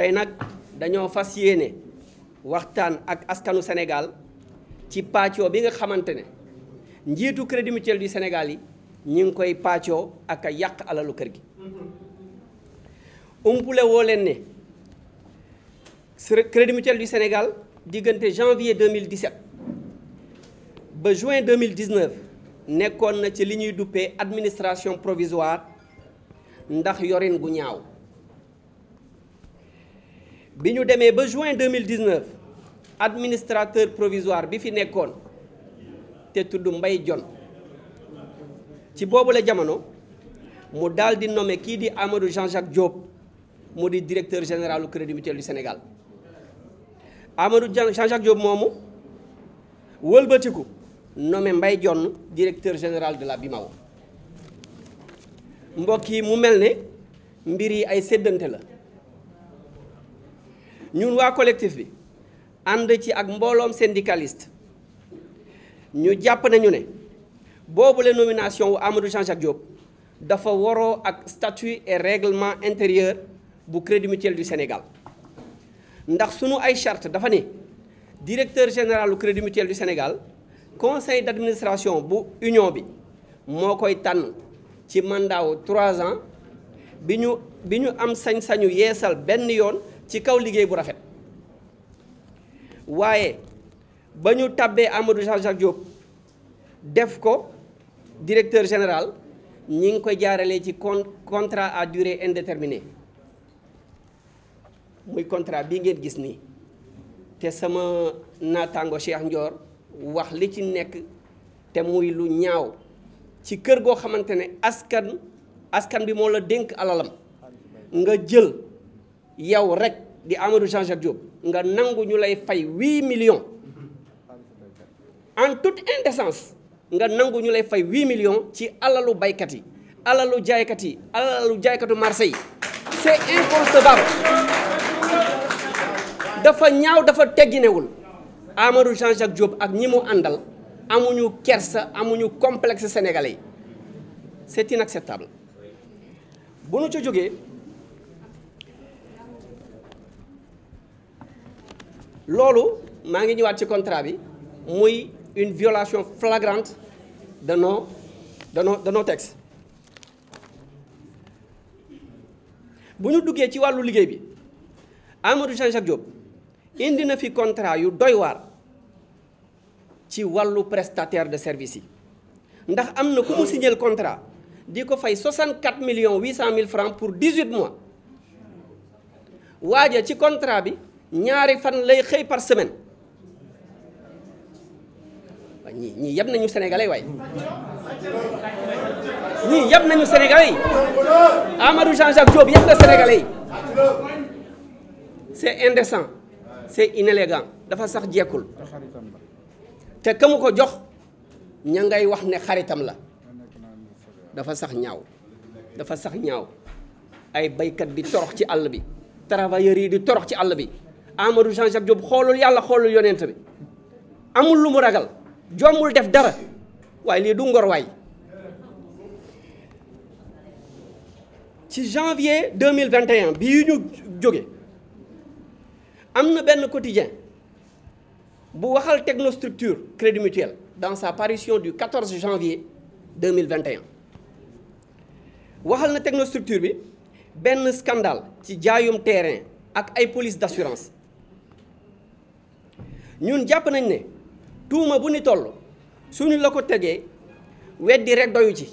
tey nag dañoo fas yéene waxtaan ak askanu Sénégal ci pàccoo bi nga xamante ne njiitu Crédit Mutuel du Sénégal yi ñu ngi koy pacco ak a yàq alalu kër gi umpule woo leen ne Crédit Mutuel du Sénégal diggante janvier 2017 ba juin 2019 nekkoon na ci li ñuy duppee administration provisoire ndax yorin gu ñaaw bi ñu demee ba juin 2019 administrateur provisoire bi fi nekkoon te tudd mbay jon ci boobule jamono mu daal di nommé kii di Amadou Jean-Jacques Diop mu di directeur général Crédit Mutuel du Sénégal Amadou Jean-Jacques Diop moomu wëlbatiku nommé Mbaye Dione directeur général de la BIMAO mbokk yi mu mel ne mbir yi ay seddante la. ñun waa collectif bi ànd ci ak mbooloom syndicaliste ñu jàpp nañu ne boobu la nomination wu Amadou Jean-Jacques Diop dafa waroo ak statut et règlement intérieur bu Crédit Mutuel du Sénégal ndax sunu ay charte dafa ne directeur général du Crédit Mutuel du Sénégal conseil d'administration bu union bi moo koy tànn ci mandat trois ans bi ñu bi ñu am sañ-sañu yeesal benn yoon ci kaw liggéey bu rafet waaye ba ñu tàbbee Amadou Jean Jacques Diop def ko directeur général ñi ngi koy jaaralee ci con contrat à durée indéterminée muy contrat bi ngeen gis nii te sama naataango Cheikh Ndior wax li ci nekk te muy lu ñaaw ci kër goo xamante ne askan askan bi moo la dénk alalam nga jël yow rek di Amadou Jean Jacques Diop nga nangu ñu lay fay huit millions en toute indécence nga nangu ñu lay fay huit millions ci alalu baykat yi alalu jaaykat yi alalu jaaykatu marché yi c'est inconcevable dafa ñaaw dafa tegginewul Amadou Jean Jacques Diop ak ñi mu àndal amuñu kersa amuñu complexe sénégalais yi c'est inacceptable bu nu ca jógee loolu maa ngi ñëwaat ci contrat bi muy une violation flagrante de danoo danoo nos de bu ñu duggee ci wàllu liggéey bi Amadou Jean Jacques Diop indi na fi contrat yu doy waar ci wàllu prestateur de service yi ndax am na ku mu signé contrat di ko fay 64 millions 800 mille francs pour 18 mois waaja ci contrat bi. ñaari fan lay xëy par semaine waa ñii ñii yab nañu sénégalais waaye ñii yab nañu sénégalais yi Amadou Jean-Jacques Diop yab na sénégalais yi c'est indécent c'est inélégant dafa sax jekkul te ka ko jox ña ngay wax ne xaritam la dafa sax ñaaw dafa sax ñaaw ay baykat di torox ci àll bi travailleurs yi di torox ci àll bi Amadou Jean Jacques Diop xoolul yàlla xoolul yonent bi amul lu mu ragal jommul def dara waaye lii du ngor waay ci janvier 2021 bii ñu jóge am na benn quotidien bu waxal technostructure crédit mutuel dans sa parution du 14 janvier 2021 waxal na technostructure bi benn scandale ci jaayum terrain ak ay police d'assurance ñun jàpp nañ ne tuuma bu ni toll suñu la ko tegee weddi rek doyu ci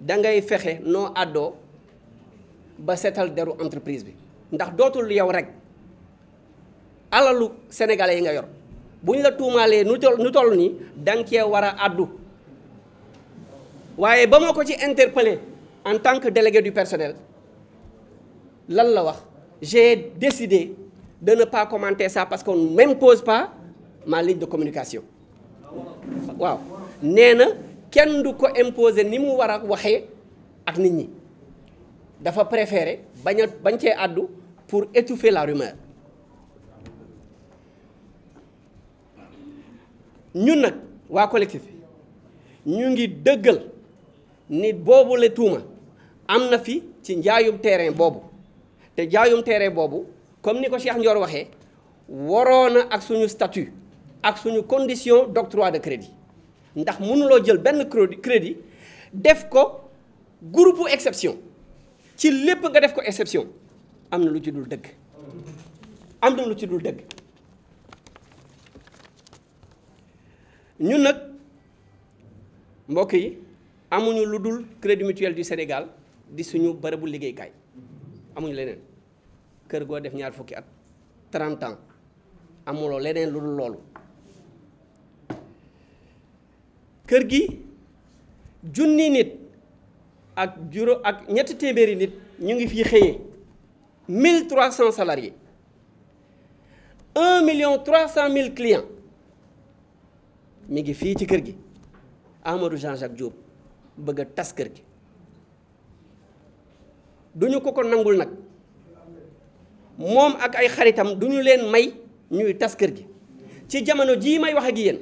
da ngay fexe noo àddoo ba seetal deru entreprise bi ndax dootul yow rek alalu sénégalais yi nga yor bu ñu la tuumaalee nu toll nu toll nii da war a àddu waaye ba ma ko ci interpellé en tant que délégué du personnel lan la wax j'ai décidé dana ne pas commenter ça parce qu'on m'impose pas ma ligne de communication waaw nee na kenn du ko imposer ni mu war a waxee ak nit ñi dafa préférer bañ a bañ cee àddu pour étouffer la rumeur ñun nag waa collectif ñu ngi dëggal nit boobu la tuuma am na fi ci njaayum terrain boobu te njaayum terrain boobu comme ni ko Cheikh Ndior waxee waroon na ak suñu statut ak suñu condition d'octroi de crédit ndax mënuloo jël benn crédit def ko groupe exception ci lépp nga def ko exception am na lu ci dul dëgg am na lu ci dul dëgg ñun nag mbokk yi amuñu lu dul crédit mutuel du Sénégal di suñu bërëbu liggéeykaay amuñu leneen. kër goo def ñaar fukki at 30 ans amuloo leneen lu dul loolu kër gi junni nit ak juróom ak ñetti téeméeri nit ñu ngi fii xëyee 1300 salariés 1 million 300 mille clients mi ngi fii ci kër gi Amadou Jean-Jacques Diop bëgg a tas kër gi duñu ko ko nangul nag. moom ak ay xaritam du ñu leen may ñuy tas kër gi ci jamono jii may wax ak yéen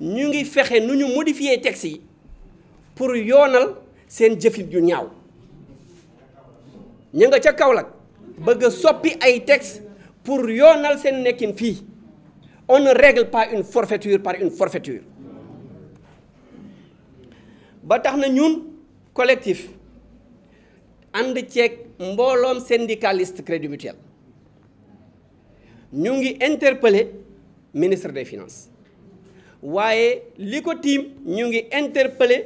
ñu ngi fexe nu ñu modifier texte yi pour yoonal seen jëfin yu ñaaw ñu nga ca Kaolack bëgg a soppi ay texte pour yoonal seen nekkin fii on ne règle une forfaiture par une forfaiture ba tax na ñun collectif ànd ceeg mbooloom syndicaliste crédit mutuel ñu ngi interpellé ministre des finance waaye li ko tiim ñu ngi interpellé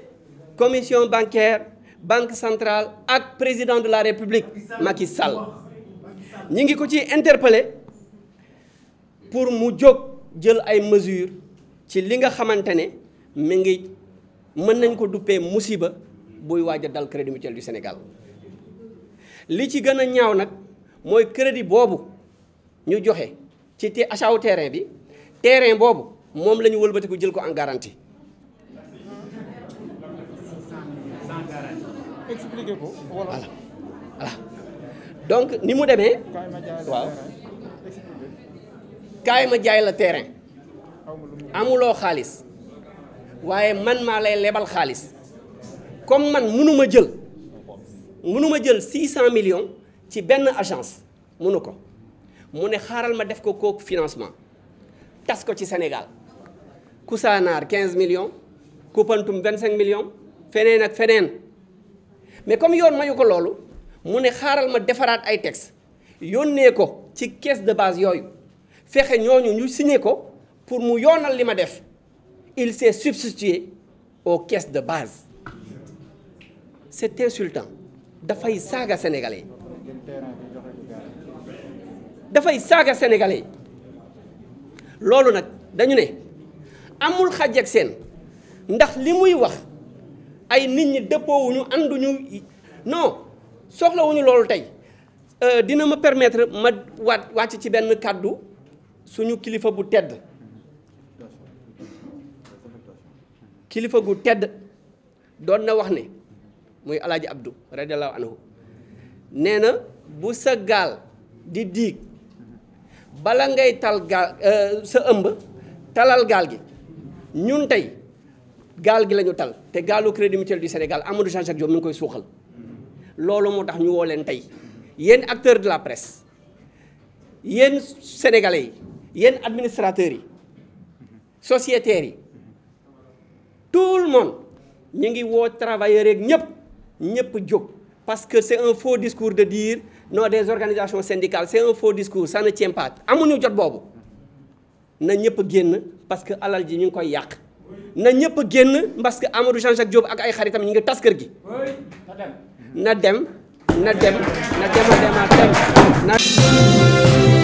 commission bancaire banque centrale ak président de la république Macky Sall ñu ngi ko ci interpellé pour mu jóg jël ay mesures ci li nga xamante ne mi ngi mën nañ ko duppee musiba buy waaj dal Crédit Mutuel du Sénégal li ci gën a ñaaw nag mooy crédit boobu ñu joxe ci te achawu terrain bi terrain boobu moom la ñu wëlbatiku jël ko en garantie. ko donc ni mu demee waaw kaay ma jaay la terrain amuloo xaalis waaye man maa lay lebal xaalis comme man mënuma jël. mënuma jël 600 millions ci benn agence mënu ko mu ne xaaral ma def ko kooku financement tas ko ci Sénégal Koussanar 15 millions Koupantoum 25 millions feneen ak feneen mais comme yoon mayu ko loolu mu ne xaaral ma defaraat ay textes yónnee ko ci caisse de base yooyu fexe ñooñu ñu signé ko pour mu yoonal li ma def il s'est substitué aux caisses de base c'est insultant dafay saaga sénégalais dafay saaga sénégalais loolu nag dañu ne amul xàjj ak seen ndax li muy wax ay nit ñi dëppoowuñu ànduñu non soxlawuñu loolu tey euh, dina ma permettre ma wàcc ci benn kàddu suñu kilifa bu tedd kilifa gu tedd doon na wax ne muy alaaji abdou radiallahu anhu nee na bu sa gaal di diig bala ngay tal gaal euh, sa ëmb talal gaal gi ñun tey gaal gi lañu tal te gaalu crédit mutuel du Sénégal Amadou Jean Jacques Diop mi ngi koy suuxal loolu moo tax ñu woo leen tey yéen acteurs de la presse yéen sénégalais yi yéen administrateurs yi sociétaires yi tout le monde ñu ngi woo travailleurs yeeg ñëpp. ñëpp jóg parce que c'est un faux discours de dire non des organisations syndicales c'est un faux discours ça ne tient pas amuñu jot boobu na ñëpp génn parce que alal ji ñu ngi koy yàq na ñëpp génn parce que Amadou Jean-Jacques ak ay xaritam ñu ngi tas kër gi na dem na dem na dem a dem na